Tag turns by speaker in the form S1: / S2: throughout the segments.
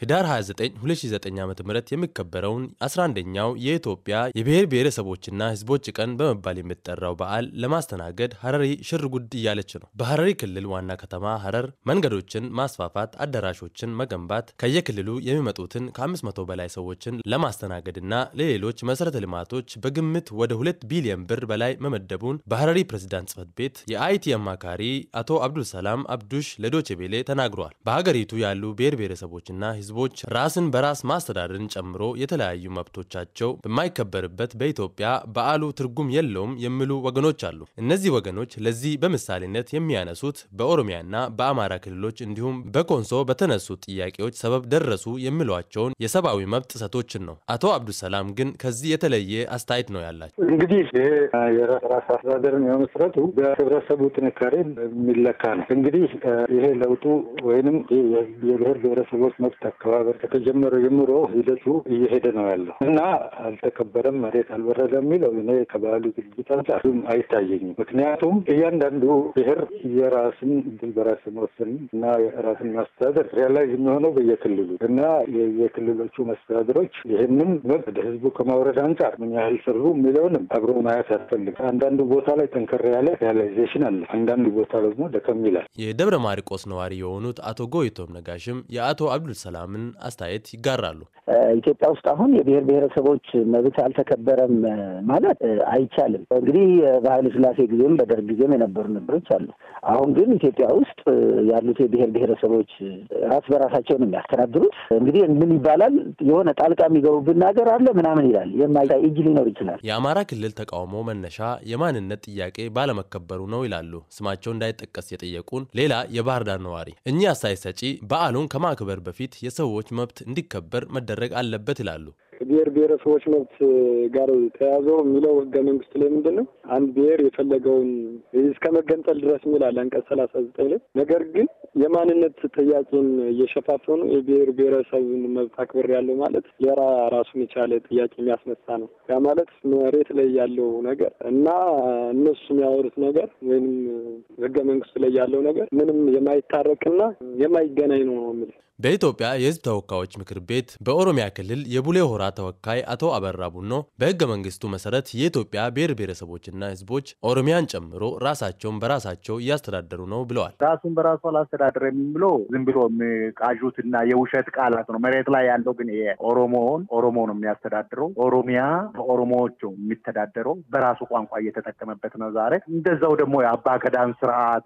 S1: ህዳር 29 2009 ም የሚከበረውን 11ኛው የኢትዮጵያ የብሔር ብሔረሰቦችና ህዝቦች ቀን በመባል የሚጠራው በዓል ለማስተናገድ ሀረሪ ሽር ጉድ እያለች ነው። በሀረሪ ክልል ዋና ከተማ ሀረር መንገዶችን ማስፋፋት፣ አዳራሾችን መገንባት፣ ከየክልሉ የሚመጡትን ከ500 በላይ ሰዎችን ለማስተናገድና ለሌሎች መሰረተ ልማቶች በግምት ወደ 2 ቢሊዮን ብር በላይ መመደቡን በሀረሪ ፕሬዝዳንት ጽህፈት ቤት የአይቲ አማካሪ አቶ አብዱልሰላም አብዱሽ ለዶቼ ቤሌ ተናግረዋል። በሀገሪቱ ያሉ ብሔር ብሔረሰቦችና ህዝቦች ራስን በራስ ማስተዳደርን ጨምሮ የተለያዩ መብቶቻቸው በማይከበርበት በኢትዮጵያ በዓሉ ትርጉም የለውም የሚሉ ወገኖች አሉ። እነዚህ ወገኖች ለዚህ በምሳሌነት የሚያነሱት በኦሮሚያና በአማራ ክልሎች እንዲሁም በኮንሶ በተነሱ ጥያቄዎች ሰበብ ደረሱ የሚሏቸውን የሰብአዊ መብት ጥሰቶችን ነው። አቶ አብዱሰላም ግን ከዚህ የተለየ አስተያየት ነው ያላቸው።
S2: እንግዲህ ይሄ የራስ አስተዳደርን የመመስረቱ በህብረተሰቡ ጥንካሬ የሚለካ ነው። እንግዲህ ይሄ ለውጡ ወይንም የብሔር ብሔረሰቦች መብት ማከባበር ከተጀመረ ጀምሮ ሂደቱ እየሄደ ነው ያለው እና አልተከበረም፣ መሬት አልበረደ የሚለው እኔ ከባህሉ ዝግጅት አንጻር አይታየኝም። ምክንያቱም እያንዳንዱ ብሔር የራስን እድል በራስ መወሰን እና የራስን ማስተዳደር ሪያላይዝ የሚሆነው በየክልሉ እና የየክልሎቹ መስተዳደሮች ይህንም ወደ ህዝቡ ከማውረድ አንጻር ምን ያህል ሰሩ የሚለውንም አብሮ ማየት ያስፈልግ። አንዳንዱ ቦታ ላይ ጠንከር ያለ ሪያላይዜሽን አለ፣ አንዳንዱ ቦታ
S3: ደግሞ ደከም ይላል።
S1: የደብረ ማርቆስ ነዋሪ የሆኑት አቶ ጎይቶም ነጋሽም የአቶ አብዱል ሰላም አብርሃምን አስተያየት ይጋራሉ።
S3: ኢትዮጵያ ውስጥ አሁን የብሔር ብሔረሰቦች መብት አልተከበረም ማለት አይቻልም። እንግዲህ በኃይለ ሥላሴ ጊዜም በደርግ ጊዜም የነበሩ ነገሮች አሉ። አሁን ግን ኢትዮጵያ ውስጥ ያሉት የብሔር ብሔረሰቦች ራስ በራሳቸው ነው የሚያስተዳድሩት። እንግዲህ ምን ይባላል የሆነ ጣልቃ የሚገቡብን ነገር አለ ምናምን ይላል። የማይታይ እጅ ሊኖር ይችላል።
S1: የአማራ ክልል ተቃውሞ መነሻ የማንነት ጥያቄ ባለመከበሩ ነው ይላሉ ስማቸው እንዳይጠቀስ የጠየቁን ሌላ የባህር ዳር ነዋሪ። እኚህ አስተያየት ሰጪ በዓሉን ከማክበር በፊት የሰዎች መብት እንዲከበር መደረግ አለበት ይላሉ።
S2: ብሔር ብሔረሰቦች መብት ጋር ተያዘው የሚለው ህገ መንግስት ላይ ምንድን ነው? አንድ ብሔር የፈለገውን እስከ መገንጠል ድረስ የሚላል አንቀጽ ሰላሳ ዘጠኝ ላይ ነገር ግን የማንነት ጥያቄን እየሸፋፈኑ የብሔር ብሔረሰብን መብት አክብር ያለው ማለት ሌላ ራሱን የቻለ ጥያቄ የሚያስነሳ ነው። ያ ማለት መሬት ላይ ያለው ነገር እና እነሱ የሚያወሩት ነገር ወይም ህገ መንግስቱ ላይ ያለው ነገር ምንም የማይታረቅና የማይገናኝ ነው ነው የሚል
S1: በኢትዮጵያ የሕዝብ ተወካዮች ምክር ቤት በኦሮሚያ ክልል የቡሌ ሆራ ተወካይ አቶ አበራ ቡኖ በሕገ መንግስቱ መሰረት የኢትዮጵያ ብሔር ብሔረሰቦችና ሕዝቦች ኦሮሚያን ጨምሮ ራሳቸውን በራሳቸው እያስተዳደሩ ነው ብለዋል።
S3: ራሱን በራሱ አላስተዳደር ብሎ ዝም ብሎ የሚቃዡትና የውሸት ቃላት ነው። መሬት ላይ ያለው ግን ኦሮሞውን ኦሮሞ ነው የሚያስተዳድረው። ኦሮሚያ በኦሮሞዎች የሚተዳደረው በራሱ ቋንቋ እየተጠቀመበት ነው። ዛሬ እንደዛው ደግሞ የአባ ገዳን ስርዓት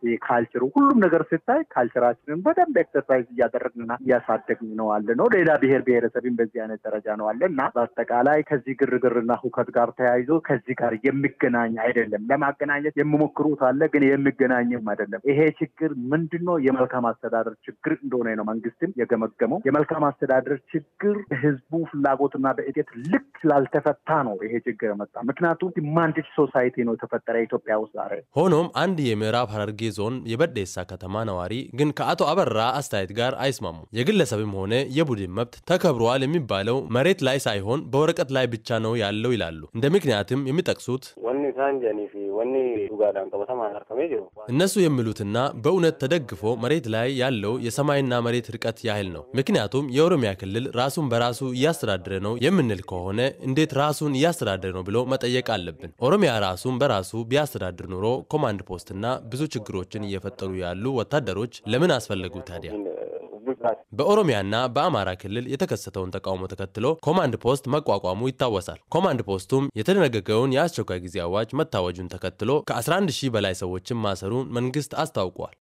S3: ሁሉም ነገር ስታይ ካልቸራችንን በደንብ ኤክሰርሳይዝ እያደረግንና እያሳደግን ነው አለ ነው። ሌላ ብሔር ብሔረሰብን በዚህ አይነት ደረጃ ነው አለ እና በአጠቃላይ ከዚህ ግርግርና ሁከት ጋር ተያይዞ ከዚህ ጋር የሚገናኝ አይደለም። ለማገናኘት የሚሞክሩት አለ፣ ግን የሚገናኝም አይደለም። ይሄ ችግር ምንድን ነው? የመልካም አስተዳደር ችግር እንደሆነ ነው መንግስትም የገመገመው። የመልካም አስተዳደር ችግር በህዝቡ ፍላጎትና በእጤት ልክ ስላልተፈታ ነው ይሄ ችግር የመጣ ምክንያቱም ማንድጅ ሶሳይቲ ነው የተፈጠረ ኢትዮጵያ ውስጥ ዛሬ።
S1: ሆኖም አንድ የምዕራብ ሀረርጌ ዞን የበደሳ ከተማ ነዋሪ ግን ከአቶ አበራ አስተያየት ጋር አይስማሙም። የግለሰብም ሆነ የቡድን መብት ተከብሯል የሚባለው መሬት ላይ ሳይሆን በወረቀት ላይ ብቻ ነው ያለው ይላሉ። እንደ ምክንያትም የሚጠቅሱት እነሱ የሚሉትና በእውነት ተደግፎ መሬት ላይ ያለው የሰማይና መሬት ርቀት ያህል ነው። ምክንያቱም የኦሮሚያ ክልል ራሱን በራሱ እያስተዳደረ ነው የምንል ከሆነ እንዴት ራሱን እያስተዳደረ ነው ብሎ መጠየቅ አለብን። ኦሮሚያ ራሱን በራሱ ቢያስተዳድር ኑሮ ኮማንድ ፖስትና ብዙ ችግሮችን እየፈጠሩ ያሉ ወታደሮች ለምን አስፈለጉ ታዲያ? መስራት። በኦሮሚያና በአማራ ክልል የተከሰተውን ተቃውሞ ተከትሎ ኮማንድ ፖስት መቋቋሙ ይታወሳል። ኮማንድ ፖስቱም የተደነገገውን የአስቸኳይ ጊዜ አዋጅ መታወጁን ተከትሎ ከ11 ሺህ በላይ ሰዎችን ማሰሩን መንግስት አስታውቋል።